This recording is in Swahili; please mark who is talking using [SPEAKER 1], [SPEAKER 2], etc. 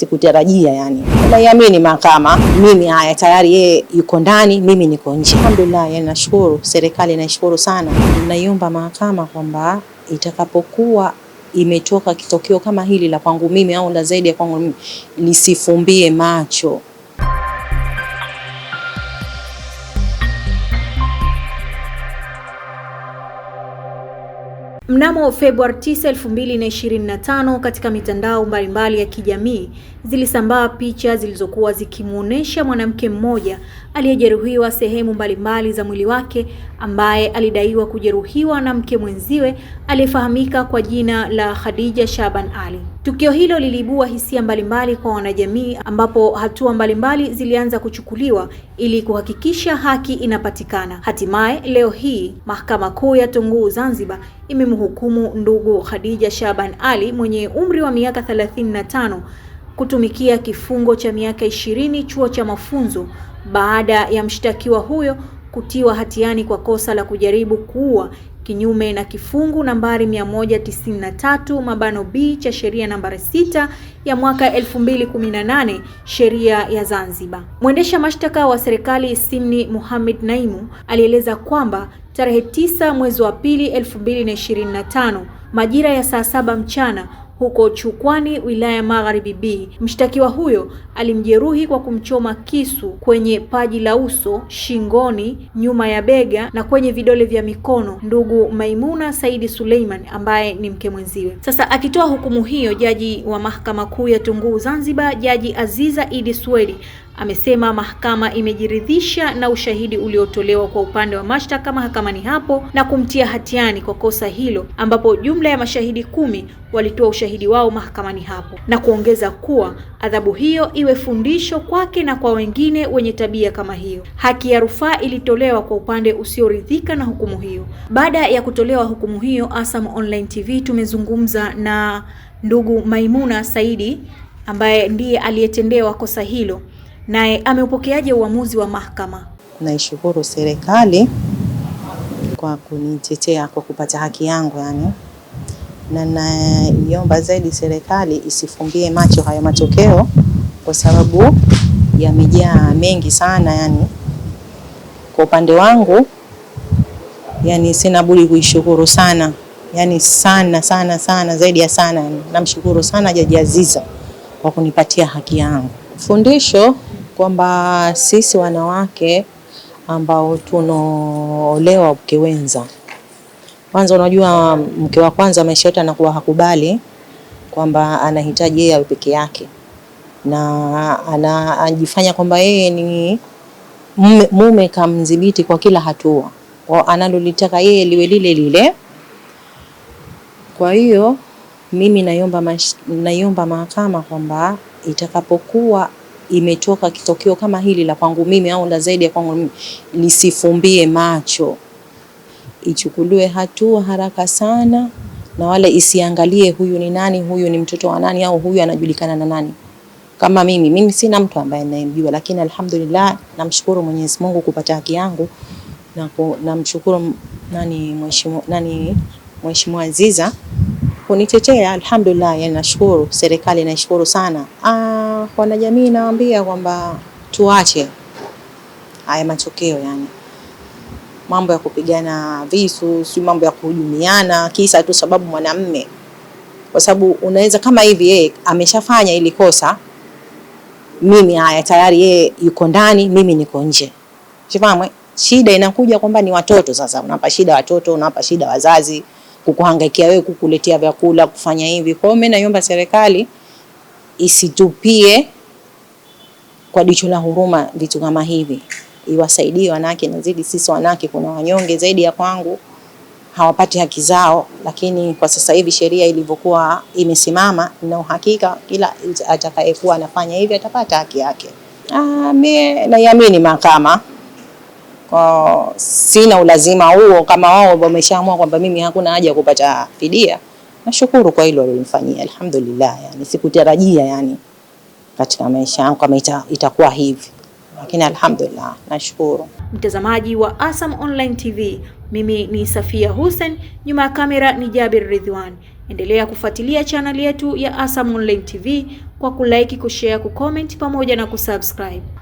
[SPEAKER 1] sikutarajia yani. Naiamini mahakama mimi. Haya, tayari yeye yuko ndani, mimi niko nje. Alhamdulillah, yani nashukuru serikali, naishukuru sana. Naiomba mahakama kwamba itakapokuwa imetoka kitokeo kama hili la kwangu mimi au la zaidi ya kwangu mimi, lisifumbie macho
[SPEAKER 2] Mnamo Februari 9, 2025, katika mitandao mbalimbali ya kijamii zilisambaa picha zilizokuwa zikimuonesha mwanamke mmoja aliyejeruhiwa sehemu mbalimbali za mwili wake ambaye alidaiwa kujeruhiwa na mke mwenziwe aliyefahamika kwa jina la Khadija Shaban Ali. Tukio hilo liliibua hisia mbalimbali kwa wanajamii ambapo hatua mbalimbali zilianza kuchukuliwa ili kuhakikisha haki inapatikana. Hatimaye leo hii Mahakama Kuu ya Tunguu Zanzibar imemhukumu ndugu Khadija Shaban Ali mwenye umri wa miaka 35 kutumikia kifungo cha miaka ishirini chuo cha mafunzo baada ya mshtakiwa huyo kutiwa hatiani kwa kosa la kujaribu kuua kinyume na kifungu nambari 193 mabano B cha sheria nambari 6 ya mwaka 2018 sheria ya Zanzibar. Mwendesha mashtaka wa serikali Simni Muhammad Naimu alieleza kwamba tarehe 9 mwezi wa pili 2025 majira ya saa saba mchana huko Chukwani, wilaya ya Magharibi B. Mshtakiwa huyo alimjeruhi kwa kumchoma kisu kwenye paji la uso, shingoni, nyuma ya bega na kwenye vidole vya mikono ndugu Maimuna Saidi Suleiman ambaye ni mke mwenziwe. Sasa akitoa hukumu hiyo, jaji wa Mahakama Kuu ya Tunguu Zanzibar, Jaji Aziza Idi Suwedi Amesema mahakama imejiridhisha na ushahidi uliotolewa kwa upande wa mashtaka mahakamani hapo na kumtia hatiani kwa kosa hilo, ambapo jumla ya mashahidi kumi walitoa ushahidi wao mahakamani hapo, na kuongeza kuwa adhabu hiyo iwe fundisho kwake na kwa wengine wenye tabia kama hiyo. Haki ya rufaa ilitolewa kwa upande usioridhika na hukumu hiyo. Baada ya kutolewa hukumu hiyo, Asam Online TV tumezungumza na ndugu Maimuna Saidi ambaye ndiye aliyetendewa kosa hilo naye ameupokeaje uamuzi wa mahakama?
[SPEAKER 1] Naishukuru serikali kwa kunitetea kwa kupata haki yangu yani, na naiomba zaidi serikali isifumbie macho hayo matokeo, kwa sababu yamejaa mengi sana yani. Kwa upande wangu yani, sina budi kuishukuru sana yani sana sana sana zaidi ya sana yani. Namshukuru sana Jaji Aziza kwa kunipatia haki yangu. Fundisho kwamba sisi wanawake ambao tunaolewa mke wenza, kwanza, unajua mke wa kwanza maisha yote anakuwa hakubali kwamba anahitaji yeye awe peke yake, na anajifanya kwamba yeye ni mume, mume kamdhibiti kwa kila hatua, analolitaka yeye liwe lile lile. Kwa hiyo mimi naiomba, naiomba mahakama kwamba itakapokuwa imetoka kitokeo kama hili la kwangu mimi au la zaidi ya kwangu mimi, lisifumbie macho, ichukuliwe hatua haraka sana, na wala isiangalie huyu ni nani, huyu ni mtoto wa nani, au huyu anajulikana na nani. Kama mimi mimi sina mtu ambaye ninayemjua, lakini alhamdulillah, namshukuru Mwenyezi Mungu kupata haki yangu na namshukuru nani, mheshimiwa nani, Mheshimiwa Aziza kunitetea, Alhamdulillah, yani nashukuru serikali, naishukuru sana. Ah, wanajamii nawaambia kwamba tuache haya matokeo yani mambo ya kupigana visu, si mambo ya kuhujumiana kisa tu sababu mwanamme, kwa sababu unaweza kama hivi yeye ameshafanya ili kosa mimi haya tayari yeye yuko ndani, mimi niko nje. Shida inakuja kwamba ni watoto sasa, unawapa shida watoto, unawapa shida wazazi kukuhangaikia wewe, kukuletea vyakula, kufanya hivi. Kwa hiyo mimi naomba serikali isitupie kwa jicho la huruma vitu kama hivi, iwasaidie wanawake nazidi. Sisi wanawake kuna wanyonge zaidi ya kwangu, hawapati haki zao, lakini kwa sasa hivi sheria ilivyokuwa imesimama, na uhakika kila atakayekuwa anafanya hivi atapata haki yake. Ah, mimi naiamini mahakama. Kwa sina ulazima huo, kama wao wameshaamua kwamba mimi hakuna haja ya kupata fidia. Nashukuru kwa hilo walilofanyia, alhamdulillah. Yani sikutarajia yani katika maisha yangu kama ita, itakuwa hivi, lakini alhamdulillah nashukuru.
[SPEAKER 2] Mtazamaji wa Asam Online TV, mimi ni Safia Hussein, nyuma ya kamera ni Jabir Ridwan. Endelea kufuatilia chaneli yetu ya Asam Online TV kwa kulike, kushare, kucomment pamoja na kusubscribe.